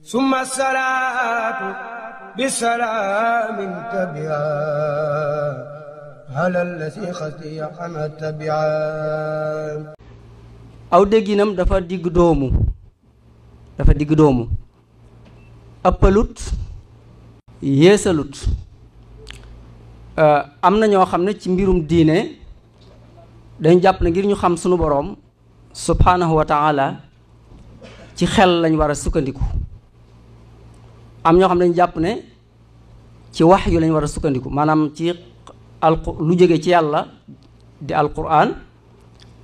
summa aw dégginam dafa digg doomu dafa ëppalut yéesalut am na ñoo xam ne ci mbirum diine dañ jàpp ne ngir ñu xam sunu boroom subhaanahu wa ci xel lañ war a sukkandiku am ñoo xam ne dañu jàpp ne ci wax yu lañ war a sukkandiku maanaam ci al lu jóge ci yàlla di alquran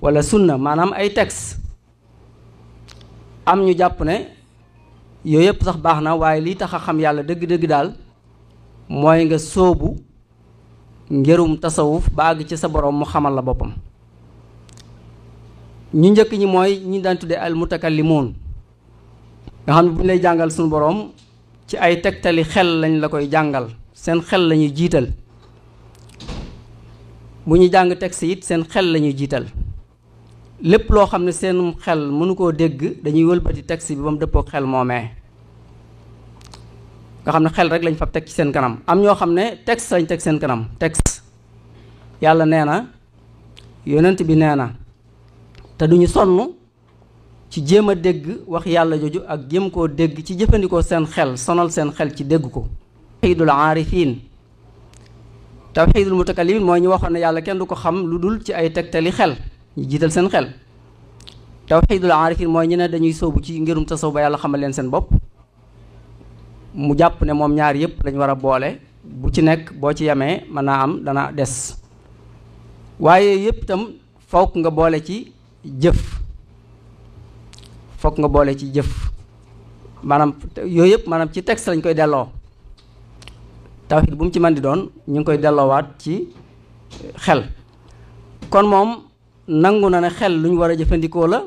wala sunna maanaam ay texte am ñu jàpp ne yooyu yëpp sax baax na waaye lii tax a xam yàlla dëgg-dëgg daal mooy nga soobu ngërum tasawuf ba àgg ci sa boroom mu xamal la boppam ñu njëkk ñi mooy ñu daan tuddee al mutakallimuun nga xam ne bu ñu lay jàngal suñu borom ci ay tegtali xel lañ la koy jàngal seen xel la ñuy jiital bu ñu jàng texte it seen xel la ñuy jiital lépp loo xam ne seenum xel mënu koo dégg dañuy wëlpati texte bi ba mu dëppook xel moomee nga xam ne xel rek lañ fa teg ci seen kanam am ñoo xam ne teg lañ teg seen kanam teg yàlla nee na yonent bi nee na te duñu sonn ci jéem a dégg wax yàlla jooju ak jéem koo dégg ci jëfandikoo seen xel sonal seen xel ci dégg ko tawxiidul aarifin tawxiidul mutakallimin mooy ñu waxoon ne yàlla kenn du ko xam lu dul ci ay tegtali xel jiital seen xel tawxiidul aarifin mooy ñu ne dañuy sóobu ci ngirum tasaw ba yàlla xamal leen seen bopp mu jàpp ne moom ñaar yëpp lañ war a boole bu ci nekk boo ci yamee mën naa am dana des waaye yëpp itam fokk nga boole ci jëf fokk nga boole ci jëf maanaam yooyu yëpp maanaam ci texte lañ koy delloo tawxiid bu mu ci mën di doon ñu ngi koy delloowaat ci eh, xel kon moom nangu na ne xel lu ñu war a jëfandikoo la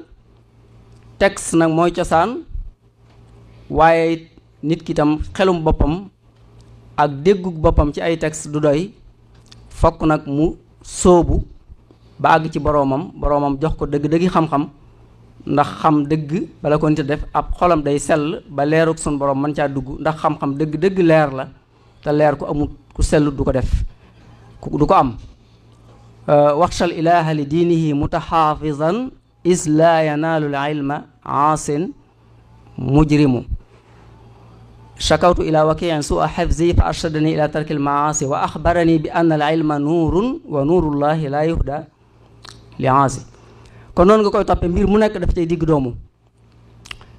texte nag mooy cosaan waaye nit ki tam xelum boppam ak déggug boppam ci ay texte du doy fokk nag mu sóobu ba àgg ci boroomam boroomam jox ko dëgg-dëggi xam-xam ndax xam dëgg bala def ab xolam day sel ba leeruk sun borom mën caa dugg ndax xam dëgg dëgg leer la te leer ku amul ku du ko def du ko am euh, waxshal ilaha li diinihi mutaxaafizan is laa yanaalul ilma aasin mujrimu shakawtu ila wakiin sua xafzi fa arshadani ila tarki almaasi wa axbarani bi anna al ilma nuurun wa yuhda li aasi kon noonu nga koy toppee mbir mu nekk daf cay digg doomu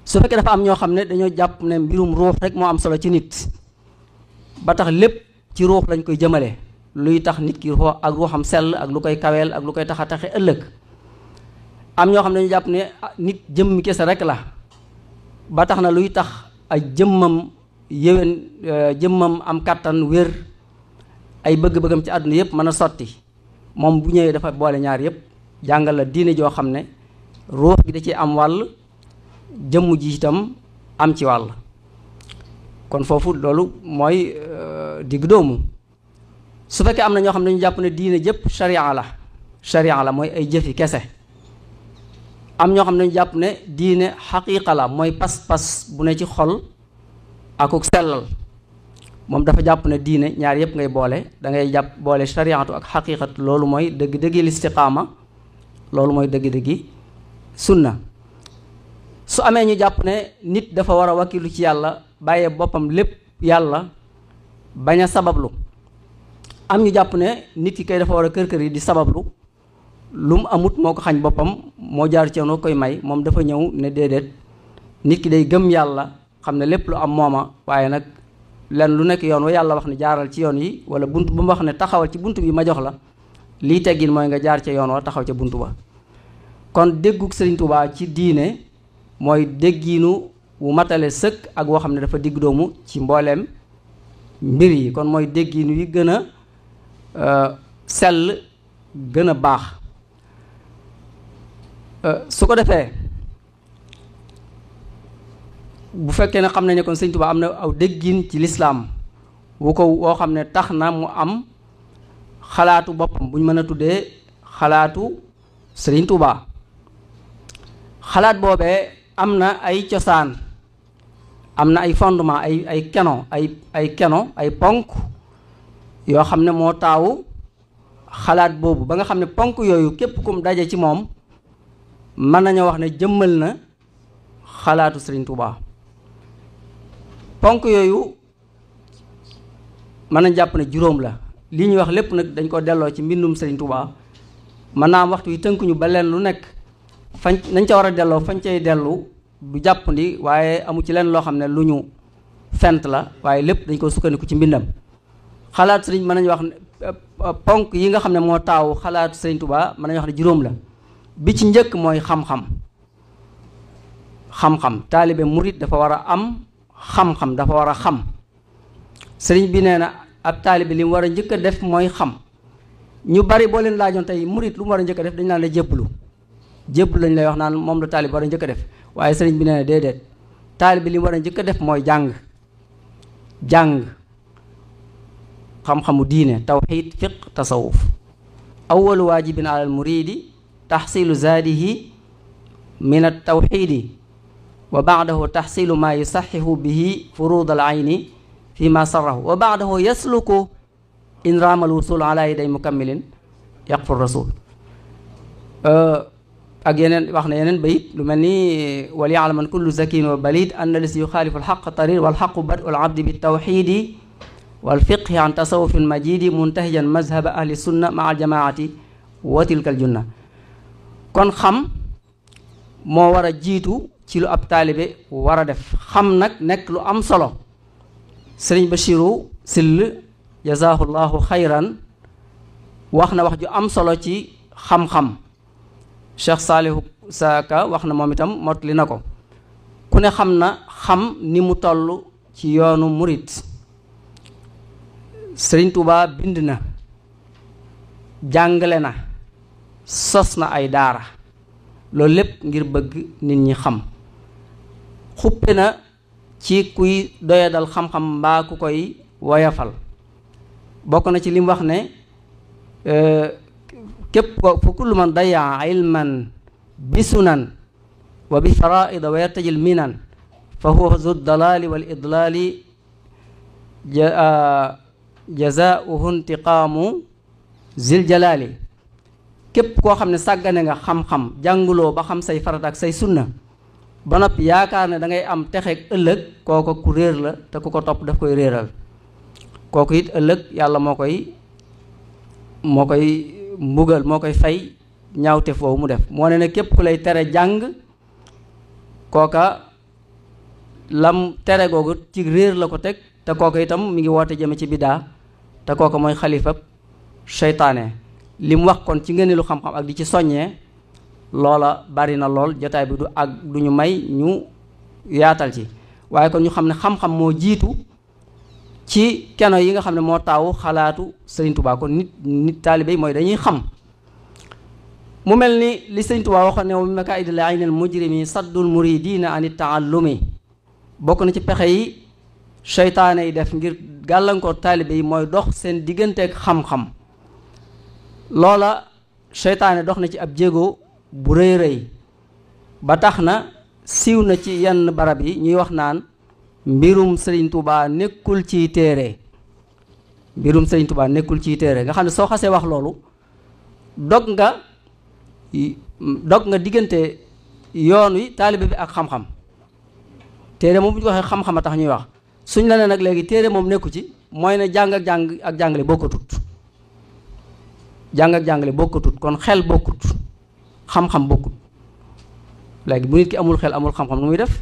su fekkee dafa am ñoo xam ne dañoo jàpp ne mbirum ruux rek moo am solo ci nit ba tax lépp ci ruux lañ koy jëmale luy tax nit ki ruux ak ruuxam sell ak lu koy kawel ak lu koy tax a taxe ëllëg am ñoo xam ne dañu jàpp ne nit jëmm kese rek la ba tax na luy tax ay jëmmam yéwén euh, jëmmam am kàttan wér ay bëgg-bëggam ci àdduna yépp mën a sotti moom bu ñëwee dafa boole ñaar yépp jàngal la diine joo xam ne ruux gi da ci am wàll jëmm ji itam am ci wàll kon foofu loolu mooy euh, digg doomu su fekkee am na ñoo xam ne dañu jàpp ne diine jëpp sharia la sharia la mooy ay jëfi kese am ñoo xam ne dañu jàpp ne diine xaqiqa la mooy pas-pas bu ne ci xol akuk sellal moom dafa jàpp ne diine ñaar yëpp ngay boole da ngay jàpp boole shariatu ak xaqiqat loolu mooy dëgg-dëggi listiqaama loolu mooy dëgg-dëggi sunna su amee ñu jàpp ne nit dafa war a wakilu ci yàlla bàyyee boppam lépp yàlla bañ a sabablu am ñu jàpp ne nit ki kay dafa war a kër-kër yi di sabablu lu mu amut moo ko xañ boppam moo jaar ci yoon koy may moom dafa ñëw ne déedéet nit ki day gëm yàlla xam ne lépp lu am mooma waaye nag lenn lu nekk yoon wa yàlla wax ne jaaral ci yoon yi wala bunt bu mu wax ne taxawal ci bunt bi ma jox la lii teggin mooy nga jaar ca yoon wa taxaw ca bunt ba kon déggu sëriñ Tuubaa ci diine mooy déggiinu wu matale sëkk ak woo xam ne dafa digg doomu ci mbooleem mbir yi kon mooy déggiinu yi gën a euh, sell gën a baax euh, su ko defee bu fekkee ne xam nañ ne kon sëriñ Tuubaa am na aw déggiin ci lislaam wu ko woo xam ne tax na mu am xalaatu boppam buñ mën a tuddee xalaatu Sëriñ Tuubaa xalaat boobee am na ay cosaan am na ay fondement ay ay keno ay keno ay ponk yoo xam ne moo taawu xalaat boobu ba nga xam ne ponk yooyu képp kum daje ci moom mën nañu wax ne jëmmal na xalaatu Sëriñ Tuubaa ponk yooyu mën nañ jàpp ne juróom la li ñuy wax lépp nag dañ ko delloo ci mbindum Serigne Touba mën naa am waxtu wi tënkuñu ba leen lu nekk fañ nañ ca war a delloo fañ cay dellu du jàpp ni waaye amu ci leen loo xam ne lu ñu fent la waaye lépp dañ ko sukkandiku ci mbindam xalaat sëriñ mën nañu wax euh, ponk yi nga xam ne moo taawu xalaat sëriñ Touba mën nañu wax ne juróom la bi ci njëkk mooy xam-xam xam-xam taalibe murit dafa war a am xam-xam dafa war a xam sëriñ bi nee na ab taalibe li mu war a njëkk a def mooy xam ñu bari boo leen laajoon tey murit lu mu war a njëkk a def dañ naan la jébbalu jébbalu lañ lay wax naan moom la taalibe war a njëkk def waaye sëriñ bi nee na déedéet taalibe li mu war a njëkk a def mooy jàng jàng xam-xamu diine tawxiid fiq tasawuf awalu waajibin alal muridi taxsilu zaadihi min at tawxiidi wa baax taxsilu maa yusaxihu bihi furud al ayni fi ma sarrahu wa baadahu yasluku in raamal wusul ala yaday mukammilin yaqfur rasul ak yeneen wax na yeneen bayit lu mel ni wal yaalaman kullu zakin wa balid anna lisi yuxaalifu alxaq tarir walxaqu badu alabdi bitawxidi walfiqhi an tasawufin majidi muntahijan mazhaba ahli sunna maa aljamaati wa tilka aljunna kon xam moo war a jiitu ci lu ab taalibe war a def xam nag nekk lu am solo sëriñ ba Bachiru Sill jazahullahu xayran wax na wax ju am solo ci xam-xam Cheikh Saalihu Saaka wax na moom itam mottali na ko ku ne xam na xam ni mu tollu ci yoonu murit sëriñ Tuubaa bind na jàngale na sos na ay daara loolu lépp ngir bëgg nit ñi xam xuppe na ci kuy doyadal xam-xam mbaa ku koy woyafal bokk na ci li wax ne euh, képp ko fu kullu man dayaa ilman bi sunan wa bi faraida wa yartajil minan fa huwa zu dalali wal idlali jazaauhu intiqaamu zil jalaali képp koo xam ne sàggane nga xam-xam jànguloo ba xam say farata ak say sunna ba noppi yaakaar ne da ngay am texeeg ëllëg kooku ku réer la te ku ko topp daf koy réeral kooku it ëllëg yàlla moo koy moo koy mbugal moo koy fay ñaawte foofu mu def moo ne ne képp ku lay tere jàng kooka lam tere googu ci réer la ko teg te kooka itam mu ngi woote jëme ci biddaa te kooka mooy xalifa seytaane li mu wax kon ci ngeen lu xam-xam ak di ci soññee loola bari na lool jotaay bi du ak du ñu may ñu yaatal ci waaye kon ñu xam ne xam-xam moo jiitu ci keno yi nga xam ne moo taawu xalaatu Sëriñ Tuubaa kon nit nit taalibe yi mooy dañuy xam mu mel ni li Sëriñ Tuubaa waxoon ne wa min makaa'idil aynil mujrimi saddul muridiina ani taallumi bokk na ci pexe yi seytaane yi def ngir gàllankoor taalibe yi mooy dox seen digganteeg xam-xam loola seytaane dox na ci ab jéego bu rëy rëy ba tax na siw na ci yenn barab yi ñuy wax naan mbirum Serigne Touba nekkul ci téere mbirum Serigne Touba nekkul ci téere nga xam ne soo xasee wax loolu dog nga dog nga diggante yoon wi taalibe bi ak xam-xam téere moom bu ñu waxee xam-xam a tax ñuy wax suñ la ne nag léegi téere moom nekku ci mooy ne jàng ak jàng ak jàngale bokkatut jàng ak jàngale bokkatut kon xel bokkut xam-xam bokkut léegi bu nit ki amul xel amul xam-xam nu muy def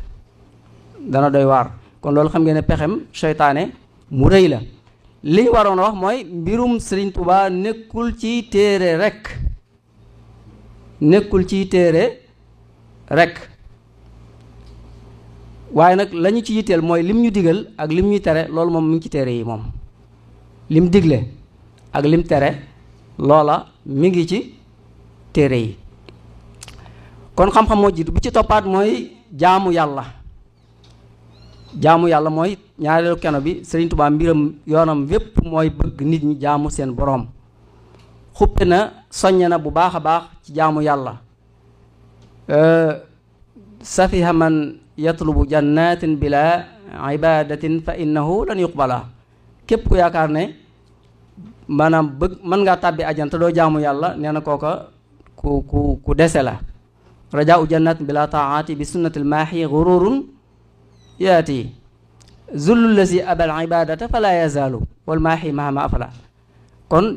dana doy waar kon loolu xam ngeen ne pexem seytaane mu rëy la li waroon a wax mooy mbirum Sëriñ Tuubaa nekkul ci téere rekk nekkul ci téere rekk waaye nag la ci yitteel mooy lim ñu digal ak lim ñu tere loolu moom mu ngi ci téere yi moom lim digle ak lim tere loola mi ngi ci téere yi kon xam-xam moo jiitu bi ci toppaat mooy jaamu yàlla jaamu yàlla mooy ñaareelu keno bi Sëriñ Tuubaa mbiram yoonam wépp mooy bëgg nit ñi jaamu seen boroom xuppe na soññe na bu baax a baax ci jaamu yàlla euh, safiha man yatlubu jannatin bila ibadatin fa innahu lan yuqbala képp ku yaakaar ne maanaam bëgg mën ngaa tàbbi ajjan te doo jaamu yàlla nee na kooka ku ku ku dese la rajaau jannat bila taati bi sunnati lmaaxi gururun yaati zullu lazi abal ibadata fala yazaalu wal maaxi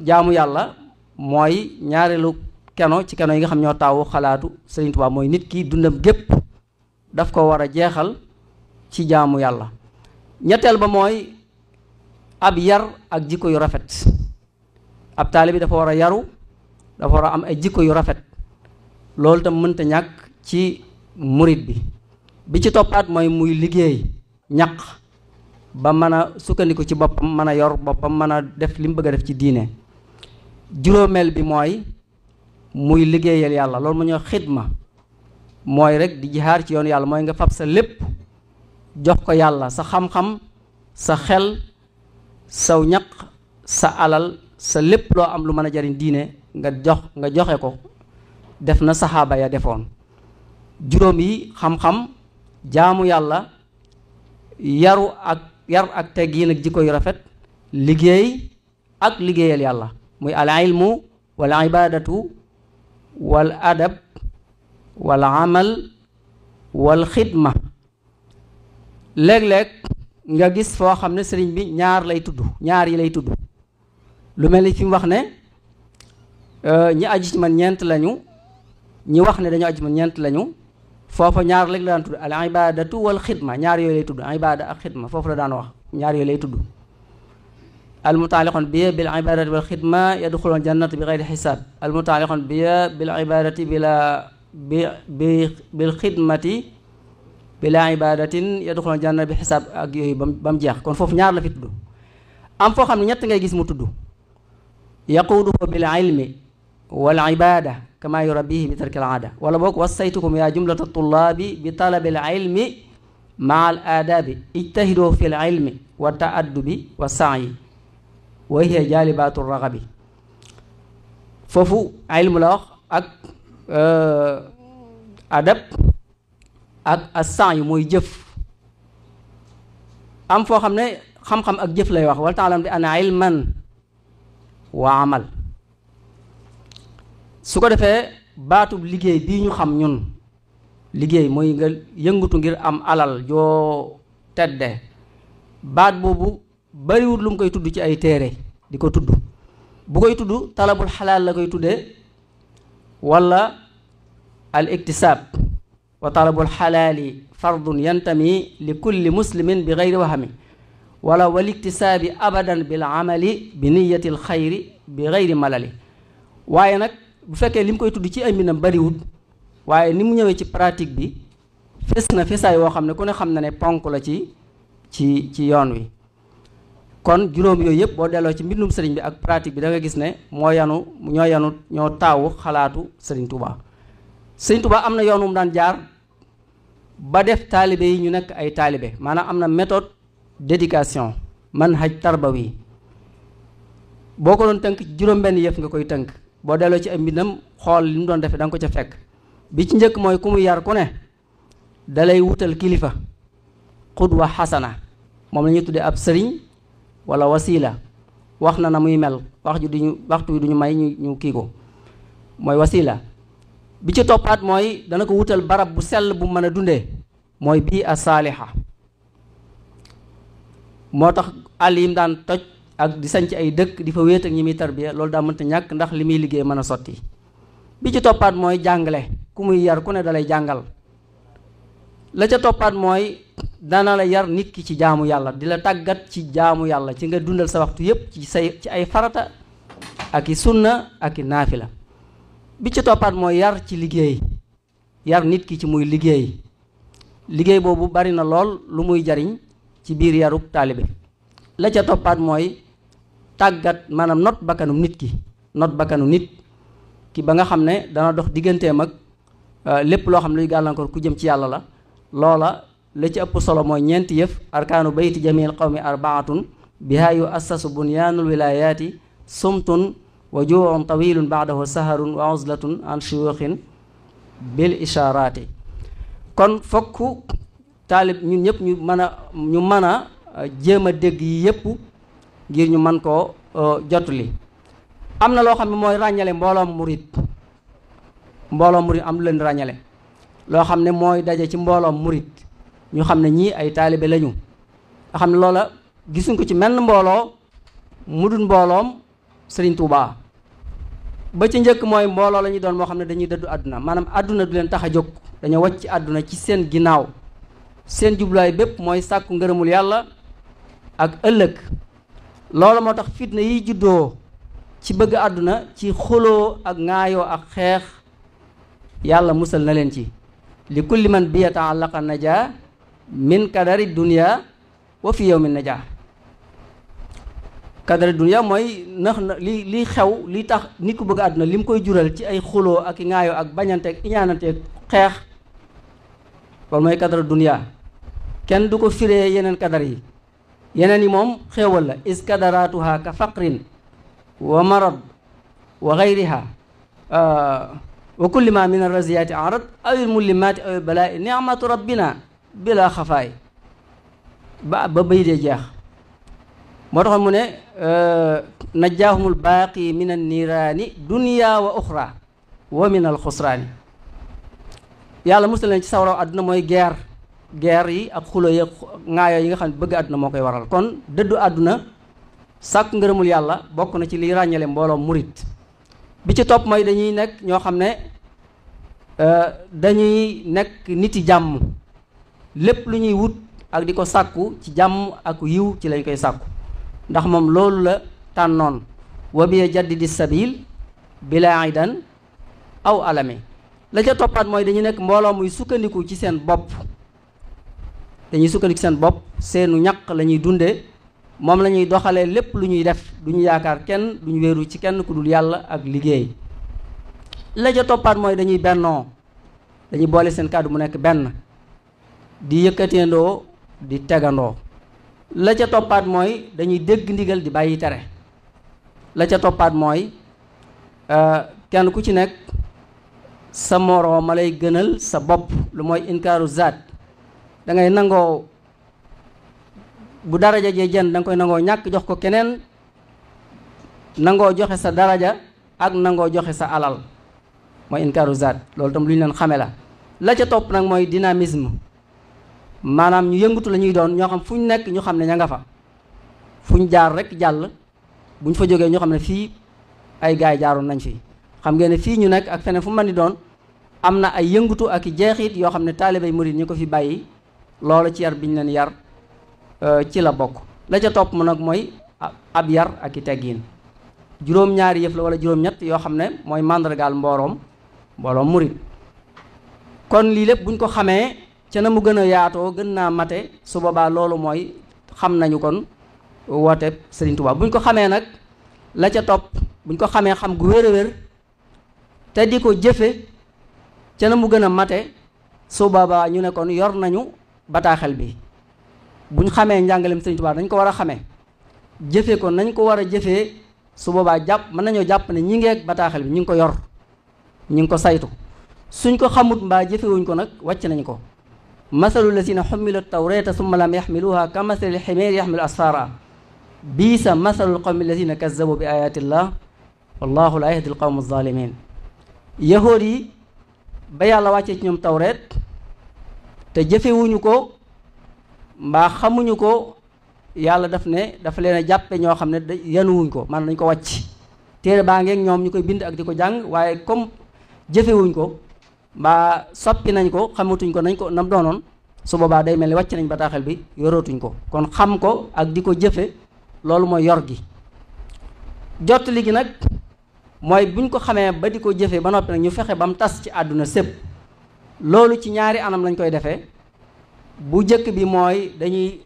jaamu yàlla mooy ñaareelu keno ci keno yi xam ñoo taawu xalaatu Sëriñ mooy nit ki dundam gépp daf war a jeexal ci jaamu yàlla ñetteel ba mooy ab yar ak jikko yu rafet ab taalibi dafa war a yaru dafa war a am ay jikko yu rafet loolu tam mënta ñàkk ci murit bi bi ci toppaat mooy muy liggéey ñaq ba mën a sukkandiku ci boppam mën a yor boppam mën a def lim bëgg a def ci diine juróomeel bi mooy muy liggéeyal yàlla loolu mu ñoo ma mooy rek di jihaar ci yoon yàlla mooy nga fab sa lépp jox ko yàlla sa xam-xam sa xel saw ñaq sa alal sa lépp loo am lu mën a jariñ diine nga jox nga joxe ko def na saxaaba ya defoon juróom yi xam-xam jaamu yàlla yaru ak yar ak teggiin ak jikko yu rafet liggéey ak liggéeyal yàlla muy al ilmu wal ibadatu wal adab wal amal wal xidma léeg-léeg nga gis foo xam ne sëriñ bi ñaar lay tudd ñaar yi lay tudd lu mel ni fi wax ne euh, ñi aju ci man ñeent lañu ñi wax ne dañoo aju ma ñeent lañu foofa ñaar léegi la daan tudd al ibadatu wal xidma ñaar yooyu lay tudd ibada ak xidma foofu la daan wax ñaar lay tudd al mutaaliqoon bi bil ibadati wal xidma yadxuloon jannat bi xeyri xisaab al mutaaliqoon bi bil ibadati bila bi bi bil xidmati bila ibadatin yadxuloon jannat bi xisaab ak yooyu ba mu jeex kon foofu ñaar la fi tudd am foo xam ne ñett ngay gis mu tudd yaquuduhu bil ilmi wal ibada kama yurabihi bi tarki alaada wala boog wasaytukum yaa jumlata tullaabi bi talabi al ilmi maa al aadaabi ijtahidoo fi al ilmi wa taaddubi wa saayi wa hiya jaalibaatu raxabi foofu ilmu la wax ak adab ak as-sa'y mooy jëf am foo xam ne xam-xam ak jëf lay wax wal ta'lam di ana ilman wa amal su ko defee baatub liggéey bii ñu xam ñun liggéey mooy nga yëngatu ngir am alal joo tedde baat boobu bariwul lu mu koy tudd ci ay téere di ko tudd bu koy tudd talabul xalaal la koy tudde wala al iktisaab wa talabul xalaali fardun yantami li kulli muslimin bi gayri wahami wala wal iktisaabi abadan bil amali bi niyati al bi gayri malali waaye nag bu fekkee li mu koy tudd ci ay mbindam bariwut waaye ni mu ñëwee ci pratique bi fes na fesaay woo xam ne ku ne xam na ne ponk la ci ci ci yoon wi kon juróom yooyu yëpp boo delloo ci mbindum sëriñ bi ak pratique bi da gis ne moo yanu ñoo yanu ñoo taawu xalaatu sëriñ Touba. sëriñ Touba am na yoon wu mu daan jaar ba def taalibe yi ñu nekk ay taalibe maanaam am na méthode d'éducation manhaj tarbawi boo ko doon tënk juróom-benn yëf nga koy tënk. boo delloo ci ay mbindam xool li mu doon defee danga ko ca fekk bi ci njëkk mooy ku mu yar ku ne dalay wutal kilifa xudwa xasana moom la tuddee ab sëriñ wala wasila wax na na muy mel wax ju duñu waxtu wi duñu may ñu ñu kii ko mooy wasila bi ci toppaat mooy dana ko wutal barab bu sell bu mën a dundee mooy bii a saaliha moo tax àll yi mu daan toj ak di sanc ay dëkk di fa wéet ak ñi muy tarbiya loolu daa mënta ñàkk ndax li muy liggéey mën a sotti bi ci toppaat mooy jàngale ku muy yar ku ne dalay jàngal la ca toppaat mooy dana la yar nit ki ci jaamu yàlla di la tàggat ci jaamu yàlla ci nga dundal sa waxtu yépp ci say ci ay farata ak i sunna ak i naafila bi ci toppaat mooy yar ci liggéey yar nit ki ci muy liggéey liggéey boobu bari na lool lu muy jariñ ci biir yarub taalibe la ca toppaat mooy tàggat maanaam not bakkanum nit ki not bakkanu nit ki ba nga xam ne dana dox digganteem ak euh, lépp loo xam ne luy gàllankoor ku jëm ci yàlla la loola la ci ëpp solo mooy ñeenti yëf arkaanu bayti jamil qawmi arbaatun bihaa yu assasu bunyaanul wilayaati sumtun wa juun tawilun baadahu saharun wa uzlatun an shuyuxin bil ishaaraati kon fokk taalib ñun ñëpp ñu mën a ñu mën a euh, jéem a dégg yi yëpp ngir ñu mën koo jottali am na loo xam ne mooy ràññale mbooloom murit mbooloom murit am lu leen ràññale loo xam ne mooy daje ci mbooloom murit ñu xam ne ñii ay taalibe lañu nga xam ne loola gisuñ ko ci menn mbooloo mu dul mbooloom Sëriñ Tuubaa ba ci njëkk mooy mbooloo la ñuy doon moo xam ne dañuy dëddu àdduna maanaam àdduna du leen tax a jóg dañoo wàcc àdduna ci seen ginnaaw seen jubluwaay bépp mooy sàkku ngërëmul yàlla ak ëllëg loolu moo tax fitna yi juddoo ci bëgg àdduna ci xuloo ak ŋaayoo ak xeex yàlla musal na leen ci li kulli man bi yataallaqa najaa min kadari dunia wa fi yawmi najaa kadari dunia mooy nax na li li xew li tax nit ku bëgg àdduna li mu koy jural ci ay xuloo ak ŋaayoo ak bañanteeg iñaananteeg xeex loolu mooy kadari dunia kenn du ko firee yeneen kadar yi yeneen yi moom xéewal la iskadaratuha ka faqrin wa marad wa gayriha wa kulli ma min arraziyaati arad aw il mullimaati aw il balaa'i nicmatu rabbina bila xafaay ba ba bay dee jeex moo taxoon mu ne najjaahumul baaqi min an niiraani dunya wa uxra wa min al xusraani yàlla musal leen ci sawraw àdduna mooy guerre guerre yi ak xulo yi ak ŋaayoo yi nga xam ne bëgg àdduna moo koy waral kon dëddu àdduna sàkk ngërëmul yàlla bokk na ci liy ràññale mbooloo murit bi ci topp mooy dañuy nekk ñoo xam ne euh, dañuy nekk niti jàmm lépp lu ñuy wut ak di ko sàkku ci jàmm ak yiw ci lañ koy sàkku ndax moom loolu la tànnoon wa biya jaddidi sabil bila idan aw alame la ca toppaat mooy dañu nekk mbooloo muy sukkandiku ci seen bopp dañuy sukkandiku seen bopp seenu ñaq la ñuy dundee moom la ñuy doxalee lépp lu ñuy def du ñu yaakaar kenn du ñu wéeru ci kenn ku dul yàlla ak liggéey la ja toppaat mooy dañuy bennoo dañuy boole seen kàddu mu nekk benn di yëkkateendoo di tegandoo la ca toppaat mooy dañuy dégg ndigal di bàyyi tere la ca toppaat mooy euh, kenn ku ci nekk sa moroom ma lay gënal sa bopp lu mooy inkaaru zaat dangay nangoo bu daraja jee jenn da koy nangoo ñàkk jox ko keneen nangoo joxe sa daraja ak nangoo joxe sa alal mooy inkaaru zaat loolu tam lu ñu leen xame la la ca topp nag mooy dynamisme maanaam ñu yëngatu la ñuy doon ñoo xam fu ñu nekk ñu xam ne ña nga fa fu ñu jaar rek jàll bu ñu fa jógee ñoo xam ne fii ay gaay yi nañ fi xam ngeen ne fii ñu nekk ak feneen fu mën ni doon am na ay yëngatu ak i jeexit yoo xam ne taalibe murid ñi ko fi bàyyi loolu ci yar biñ leen yar euh, ci la bokk la ca topp mu nag mooy ab yar ak i teggiin juróom-ñaari yëf la wala juróom-ñett yoo xam ne mooy màndargaal mbooloom mbooloom murit kon lii lépp buñ ko xamee ca na mu gën a yaatoo gën naa mate su boobaa loolu mooy xam nañu kon woote Sëriñ Tuubaa buñ ko xamee nag la ca topp buñ ko xamee xam gu wér te di ko jëfe ca na gën a mate su ñu ne kon yor nañu bataaxel bi buñ xamee njàngaleem Sëriñ Tuubaa dañ ko war a xame jëfe ko nañ ko war a jëfee su boobaa jàpp mën nañoo jàpp ne ñi ngeeg bataaxel bi ñu ngi ko yor ñu ngi ko saytu suñ ko xamut mbaa jëfewuñ ko nag wàcc nañ ko masalu lazina xumilu tawrata summa lam yaxmiluha ka masali ximeer yaxmilu asfara bii sa masalul qawmi lazina kazabu bi ayatillah wallahu la yahdi alqawm alzalimin yahood yi ba yàlla wàccee ci ñoom tawreet te jëfewuñu ko mbaa xamuñu ko yàlla daf ne dafa leen a jàppe ñoo xam ne yanuwuñ ko maanaam nañ ko wàcc téere baa ngeeg ñoom ñu koy bind ak di ko jàng waaye comme jëfewuñ ko mbaa soppi nañ ko xamatuñ ko nañ ko nam doonoon su boobaa day mel ni wàcc nañ bataaxel bi yorootuñ ko kon xam ko ak di ko jëfe loolu mooy yor gi jottali gi nag mooy buñ ko xamee ba di ko jëfe ba noppi nag ñu fexe ba mu tas ci àdduna sépp loolu ci ñaari anam lañ koy defee bu jëkk bi mooy dañuy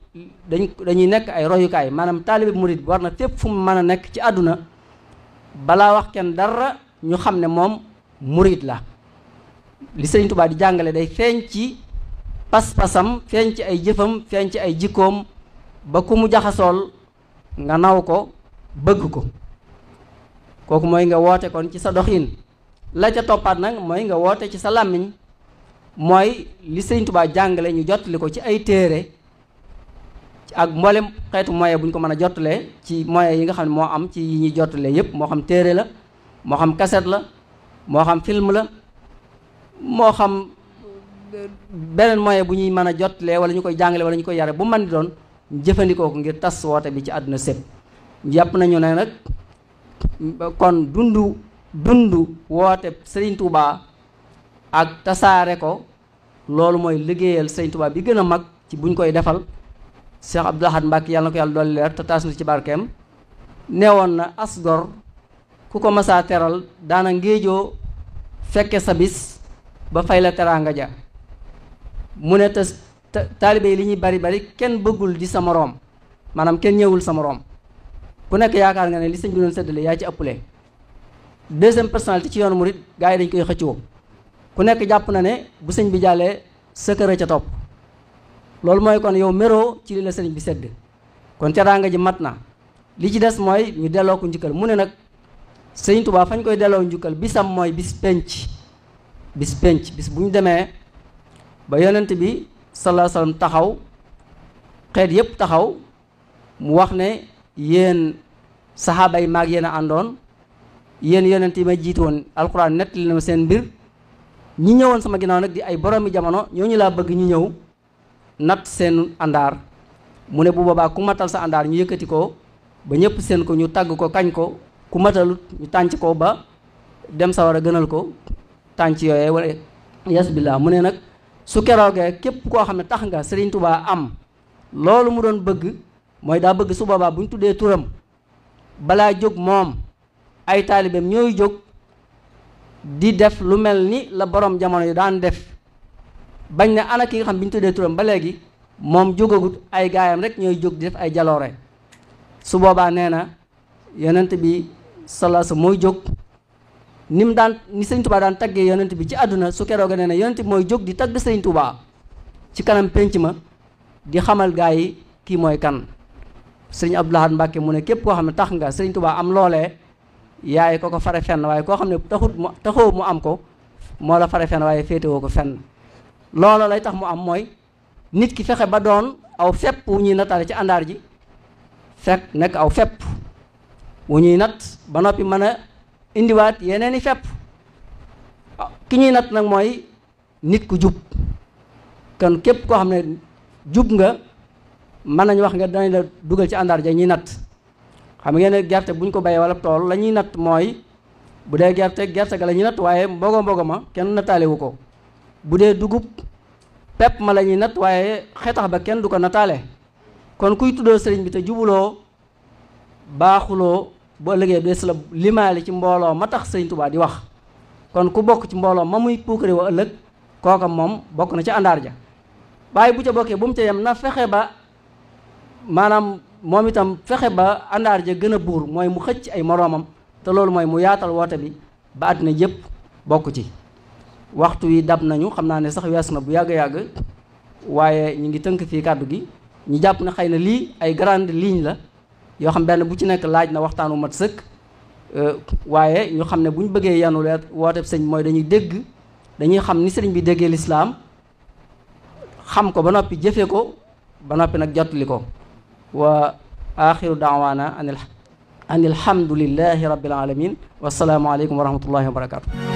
dañ dañuy nekk ay royukaay maanaam taalibe murid war na fépp fu mu mën a nekk ci àdduna balaa wax kenn dara ñu xam ne moom murid la li Sëriñ Tuubaa di jàngale day feeñ ci pas-pasam feeñ ci ay jëfam feeñ ci ay jikkoom ba ku mu jaxasool nga naw ko bëgg ko kooku mooy nga woote koon ci sa doxin la ca toppaat nag mooy nga woote ci sa làmmiñ mooy li sëñ Tubaa jàngale ñu jottali ko ci ay téere ak mboolem xeetu moyen bu ñu ko mën a jottalee ci moyen yi nga xam ne moo am ci yi ñuy jottalee yépp moo xam téere la moo xam cassette la moo xam film la moo xam beneen moyen bu ñuy mën a jottalee wala ñu koy jàngale wala ñu koy yare bu mën di doon jëfandikoo ko ngir tas woote bi ci àdduna sépp jàpp nañu ne nag kon dundu dundu woote Sëriñ Tuubaa ak tasaare ko loolu mooy liggéeyal sëñ tubaab bi gën a mag ci buñ koy defal Cheikh Abdoul Ahad Mbacke yàlla na ko yàlla dolli leer te taas ci barkeem neewoon na as gor ku ko masaa teral daana ngéejoo fekke sa bis ba fay la teraanga ja mu ne te taalibe yi li ñuy bari bari kenn bëggul di sa moroom maanaam kenn ñëwul sa moroom ku nekk yaakaar nga ne li sëñ bi doon séddale yaa ci ëppale deuxième personnalité ci yoonu murit gaa yi dañ koy xëccoo ku nekk jàpp na ne bu sëñ bi jàllee sa kër a ca topp loolu mooy kon yow méroo ci li la sëñ bi sedd kon teraanga ji mat na li ci des mooy ñu delloo ko njukkal mu ne nag sëñ Tuubaa fañ koy delloo njukkal bisam mooy bis penc bis penc bis bu ñu demee ba yonent bi sallallahu taxaw xeet yépp taxaw mu wax ne yéen saxaaba yi maag yéen àndoon yéen yonent yi ma jiitoon alxuraan nettali na ma seen mbir ñi ñëwoon sama ginnaaw nag di ay boroomi jamono ñoo ñu laa bëgg ñu ñëw nat seen àndaar mu ne bu boobaa ku matal sa àndaar ñu yëkkati ko ba ñëpp seen ko ñu tàgg ko kañ ko ku matalut ñu tànc ko ba dem sawar a gënal ko tànc yooyee wala yas mu ne nag su keroogee képp koo xam ne tax nga Serigne Touba am loolu mu doon bëgg mooy daa bëgg su boobaa bu ñu tuddee turam balaa jóg moom ay taalibeem ñooy jóg di def lu mel ni la boroom jamono yu daan def bañ ne ana ki nga xam bi ñu tuddee turam ba léegi moom jógagut ay gaayam rek ñooy jóg di def ay jaloore su boobaa nee na yonent bi sallallahu mooy jóg ni daan ni Sëriñ Tuubaa daan taggee yonent bi ci àdduna su keroog nee na yonent bi mooy jóg di tagg Sëriñ Tuubaa ci kanam pénc ma di xamal gaa yi kii mooy kan Sëriñ Abdou Lahad Mbàkke mu ne képp koo xam ne tax nga Sëriñ Tuubaa am loole yaay ko ko fare fenn waaye koo xam ne taxut mu taxoo mu am ko moo la fare fenn waaye féetewoo ko fenn looloo lay tax mu am mooy nit ki fexe ba doon aw fepp wu ñuy nattaale ci àndaar ji fekk nekk aw fepp wu ñuy nat ba noppi mën a indiwaat yeneen i fepp ah, ki ñuy nat nag mooy nit ku jub kon képp koo xam ne jub nga mën nañu wax nga danañ la dugal ci àndaar ja ñuy natt xam ngeen ne gerte buñ ko bayee wala tool la ñuy natt mooy bu dee gerte gerte ga la ñuy natt waaye mbogo mbogo ma kenn nataale ko bu dee dugub pepp ma la ñuy natt waaye xetax ba kenn du ko nataale kon kuy tuddoo sëriñ bi te jubuloo baaxuloo boo ëllëgee bés la limaali ci mbooloo ma tax sëriñ Tuubaa di wax kon ku bokk ci mbooloo ma muy puukare wa ëllëg kooka moom bokk na ci àndaar ja waaye bu ca bokkee bu mu ca yem na fexe ba maanaam moom itam fexe ba àndaar ja gën a buur mooy mu xëcc ay moroomam te loolu mooy mu yaatal woote bi ba àddina yépp bokk ci waxtu yi dab nañu xam naa ne sax wees na bu yàgg-yàgg waaye ñu ngi tënk fii kàddu gi ñu jàpp na xëy na lii ay grande ligne la yoo xam benn bu ci nekk laaj na waxtaanu mat sëkk euh, waaye ñu xam ne bu ñu bëggee yanu leer woote sëñ mooy dañuy dégg dañuy xam ni sëriñ bi déggee lislaam xam ko ba noppi jëfe ko ba noppi nag jottali ko wa axiru daawaana an alhamdulillahi rabbil alamin wa salaamu aleykum wa rahmatullahi wa barakatu